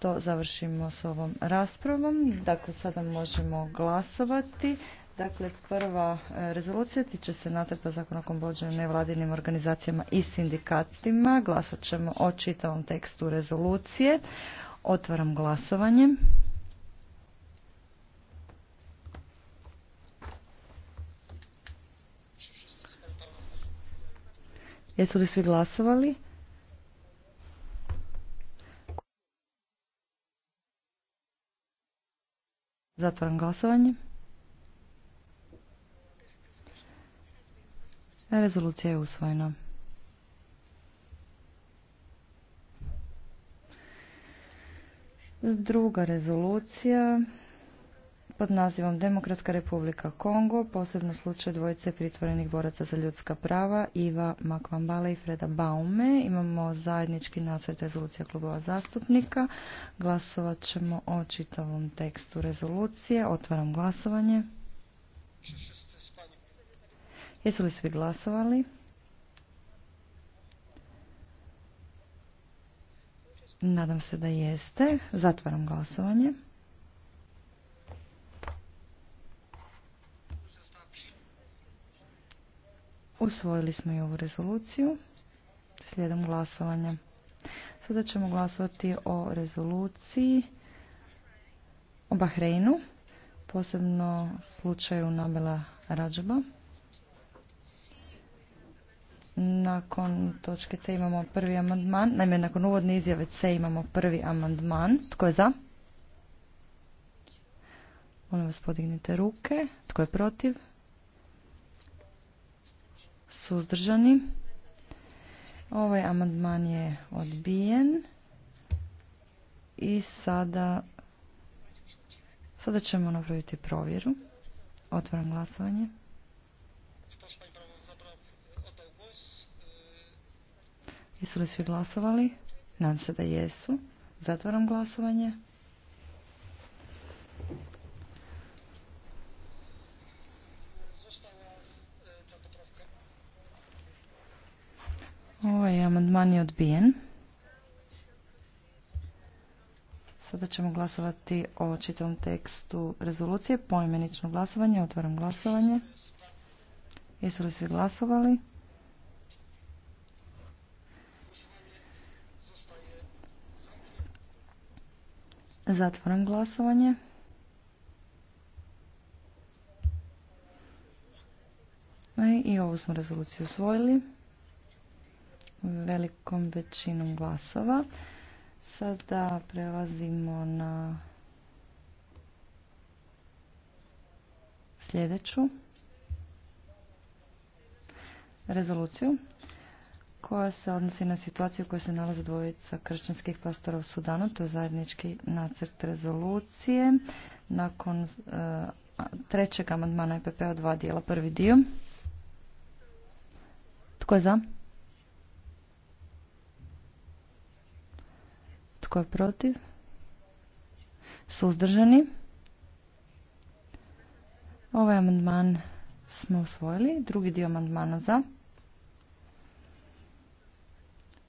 što završimo s ovom raspravom. Dakle, sada možemo glasovati. Dakle, prva e, rezolucija tiče se nacrta zakona o nevladinim organizacijama i sindikatima. Glasat ćemo o čitavom tekstu rezolucije. Otvaram glasovanje. Jesu li svi glasovali? Zatvoram glasovanje. Rezolucija je usvojena. Druga rezolucija pod nazivom Demokratska republika Kongo, posebno slučaj dvojice pritvorenih boraca za ljudska prava, Iva Makvambale i Freda Baume. Imamo zajednički nacrt rezolucija klubova zastupnika. Glasovat ćemo o čitavom tekstu rezolucije. Otvaram glasovanje. Jesu li svi glasovali? Nadam se da jeste. Zatvaram glasovanje. Usvojili smo i ovu rezoluciju slijedom glasovanja. Sada ćemo glasovati o rezoluciji o Bahreinu, posebno slučaju Nabela Rađaba. Nakon točke C imamo prvi amandman, naime nakon uvodne izjave C imamo prvi amandman. Tko je za? Molim vas podignite ruke. Tko je protiv? suzdržani. Ovaj amandman je odbijen. I sada, sada ćemo napraviti provjeru. Otvaram glasovanje. Jesu li svi glasovali? Nadam se da jesu. Zatvaram glasovanje. Ovaj amandman je odbijen. Sada ćemo glasovati o čitavom tekstu rezolucije. Poimenično glasovanje. Otvaram glasovanje. Jesu li svi glasovali? Zatvaram glasovanje. E, I ovu smo rezoluciju usvojili velikom većinom glasova. Sada prelazimo na sljedeću rezoluciju koja se odnosi na situaciju u kojoj se nalazi dvojica kršćanskih pastora u Sudanu. To je zajednički nacrt rezolucije nakon e, trećeg amandmana EPP-a dva dijela. Prvi dio. Tko je za? Tko je protiv? Suzdržani? Ovaj amandman smo usvojili. Drugi dio amandmana za.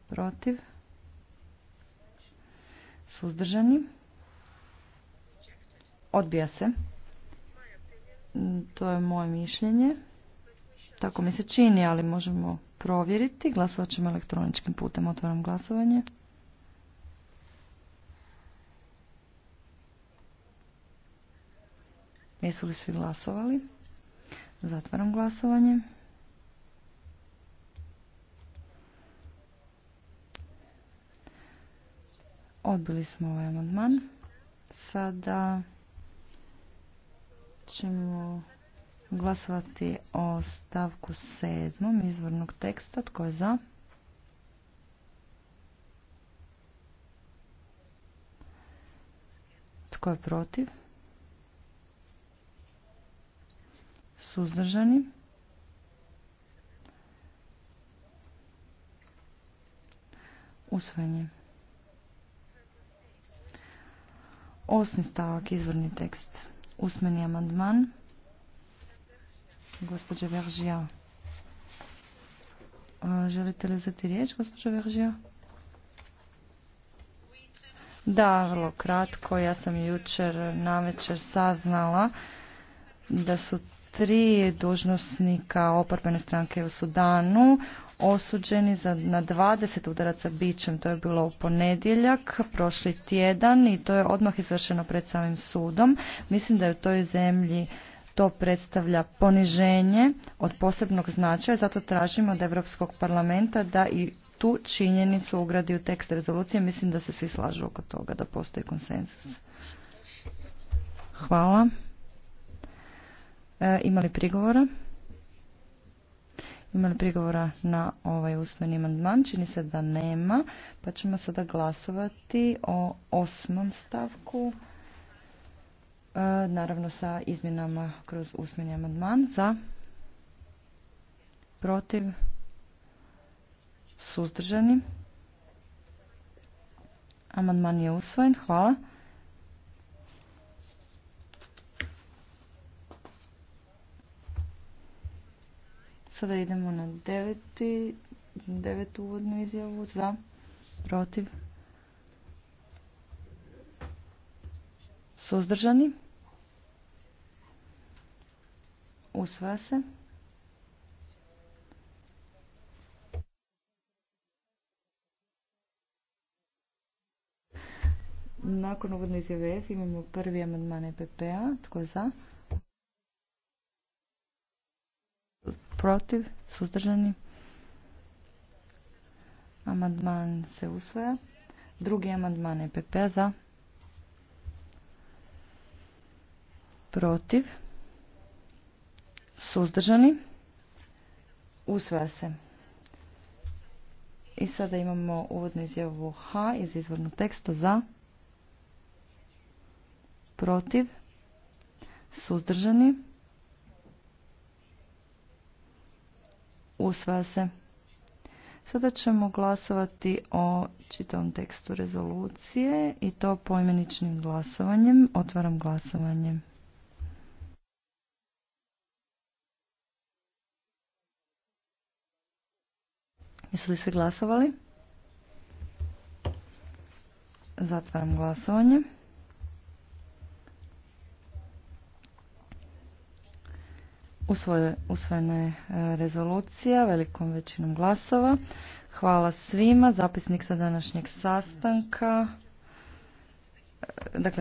Protiv? Suzdržani? Odbija se. To je moje mišljenje. Tako mi se čini, ali možemo provjeriti. Glasovat ćemo elektroničkim putem. Otvaram glasovanje. Jesu li svi glasovali? Zatvaram glasovanje. Odbili smo ovaj amandman. Sada ćemo glasovati o stavku sedmom izvornog teksta. Tko je za? Tko je protiv? Suzdržani? Usvojenje. Osmi stavak, izvorni tekst. Usmeni amandman. Gospođa Veržija. E, želite li uzeti riječ, gospođa Veržija? Da, vrlo kratko. Ja sam jučer na večer saznala da su tri dužnosnika oporbene stranke u Sudanu osuđeni za, na 20 udaraca bićem. To je bilo u ponedjeljak, prošli tjedan i to je odmah izvršeno pred samim sudom. Mislim da je u toj zemlji to predstavlja poniženje od posebnog značaja, zato tražimo od Europskog parlamenta da i tu činjenicu ugradi u tekst rezolucije. Mislim da se svi slažu oko toga, da postoji konsensus. Hvala. E, ima li prigovora? Imali prigovora na ovaj usmeni amandman? Čini se da nema, pa ćemo sada glasovati o osmom stavku, e, naravno sa izmjenama kroz usmeni amandman. Za? Protiv? Suzdržani? Amandman je usvojen. Hvala. Sada idemo na deveti, devetu uvodnu izjavu za, protiv, suzdržani, usva se. Nakon uvodne izjave F imamo prvi amandman EPP-a. Tko je za? protiv, suzdržani. Amandman se usvaja. Drugi amandman je p-a za, protiv, suzdržani. Usvaja se. I sada imamo uvodnu izjavu H iz izvornog teksta za, protiv, suzdržani. Usvaja se. Sada ćemo glasovati o čitavom tekstu rezolucije i to poimeničnim glasovanjem. Otvaram glasovanje. Jesu li svi glasovali? Zatvaram glasovanje. usvojena je e, rezolucija velikom većinom glasova. Hvala svima. Zapisnik sa današnjeg sastanka. E, dakle,